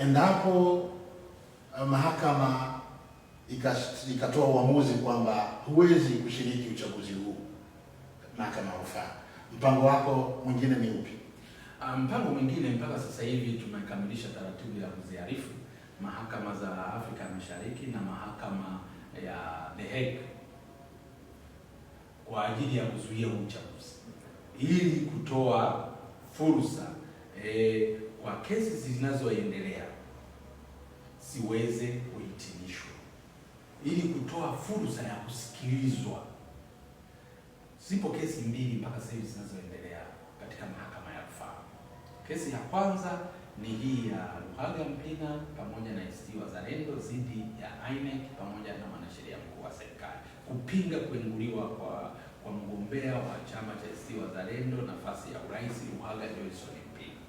endapo eh, mahakama ikatoa uamuzi kwamba huwezi kushiriki uchaguzi huu mahakama ya rufaa, mpango wako mwingine ni upi? Ah, mpango mwingine mpaka sasa hivi tumekamilisha taratibu ya kuziarifu mahakama za Afrika Mashariki na mahakama ya The Hague kwa ajili ya kuzuia uchaguzi ili kutoa fursa eh, kwa kesi zinazoendelea siweze kuhitimishwa ili kutoa fursa ya kusikilizwa. Zipo kesi mbili mpaka sasa hivi zinazoendelea katika mahakama ya rufaa. Kesi ya kwanza ni hii ya Luhaga Mpina pamoja na ACT Wazalendo dhidi ya INEC pamoja na mwanasheria mkuu wa serikali kupinga kuenguliwa kwa kwa mgombea wa chama cha ACT Wazalendo nafasi ya urais Luhaga Johnson Mpina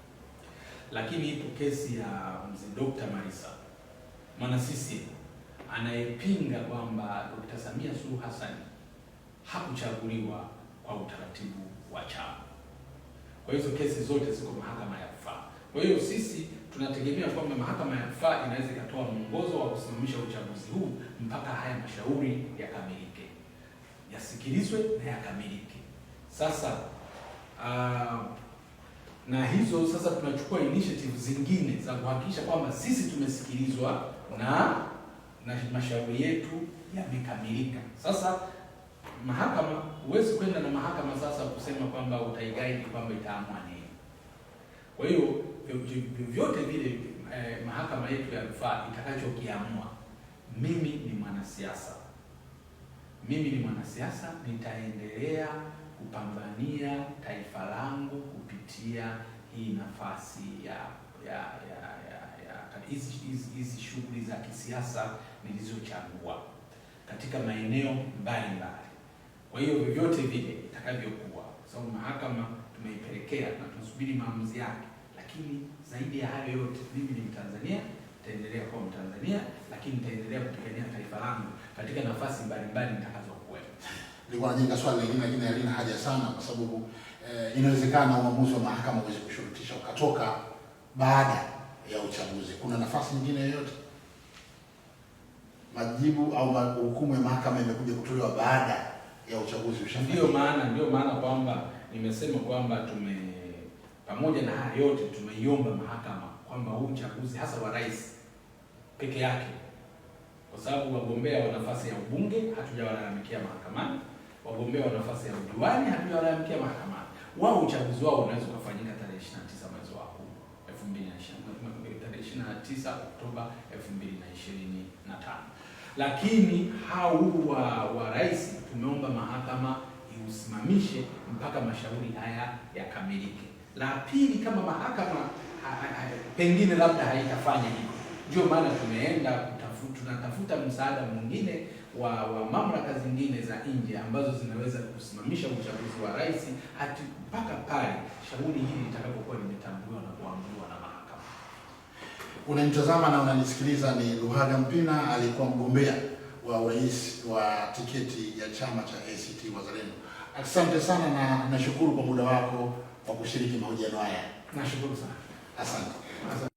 lakini ipo kesi ya mzee Dr. Marisa mwana sisi anayepinga kwamba Dr. Samia Suluhu Hassan hakuchaguliwa kwa utaratibu wa chama. Kwa hizo kesi zote ziko mahakama ya rufaa. Kwa hiyo sisi tunategemea kwamba mahakama ya rufaa inaweza ikatoa mwongozo wa kusimamisha uchaguzi huu mpaka haya mashauri yakamilike, yasikilizwe na yakamilike. Sasa uh, na hizo sasa tunachukua initiative zingine za kuhakikisha kwamba sisi tumesikilizwa na na mashauri yetu yamekamilika. Sasa mahakama, huwezi kwenda na mahakama sasa kusema kwamba utaigaidi kwamba itaamua nini. Kwa hiyo vyovyote vile eh, mahakama yetu ya rufaa itakachokiamua, mimi ni mwanasiasa, mimi ni mwanasiasa, nitaendelea kupambania taifa langu kupitia hii nafasi ya ya ya ya hizi shughuli za kisiasa nilizochagua katika maeneo mbalimbali. Kwa hiyo vyovyote vile itakavyokuwa, kwa sababu mahakama tumeipelekea na tunasubiri maamuzi yake, lakini zaidi ya hayo yote, mimi ni Mtanzania, nitaendelea kuwa Mtanzania, lakini nitaendelea kupigania taifa langu katika nafasi mbalimbali nilikuwa najenga swali lingine, lakini halina haja sana kwa sababu eh, inawezekana uamuzi wa mahakama uweze kushurutisha ukatoka baada ya uchaguzi. Kuna nafasi nyingine yoyote? Majibu au hukumu ya mahakama imekuja kutolewa baada ya uchaguzi. Ndio maana ndio maana kwamba nimesema kwamba tume pamoja na haya yote tumeiomba mahakama kwamba huu uchaguzi hasa wa rais peke yake, kwa sababu wagombea wa nafasi ya ubunge hatujawalalamikia mahakamani wagombea wa nafasi ya udiwani hadi wilaya mkia mahakamani, wao uchaguzi wao unaweza ukafanyika tarehe 29 mwezi wa 10 29 Oktoba 2025, lakini hao wa, wa rais tumeomba mahakama iusimamishe mpaka mashauri haya yakamilike. La pili, kama mahakama ha, ha, pengine labda haitafanya hivyo, ndio maana tumeenda tunatafuta msaada mwingine wa, wa mamlaka zingine za nje ambazo zinaweza kusimamisha uchaguzi wa rais hadi mpaka pale shauri hili litakapokuwa limetambuliwa na kuamuliwa na mahakama. Unanitazama na unanisikiliza, ni Luhaga Mpina, alikuwa mgombea wa urais wa tiketi ya chama cha ACT Wazalendo. Asante sana na nashukuru kwa muda wako wa kushiriki mahojiano haya. Nashukuru sana, asante, asante.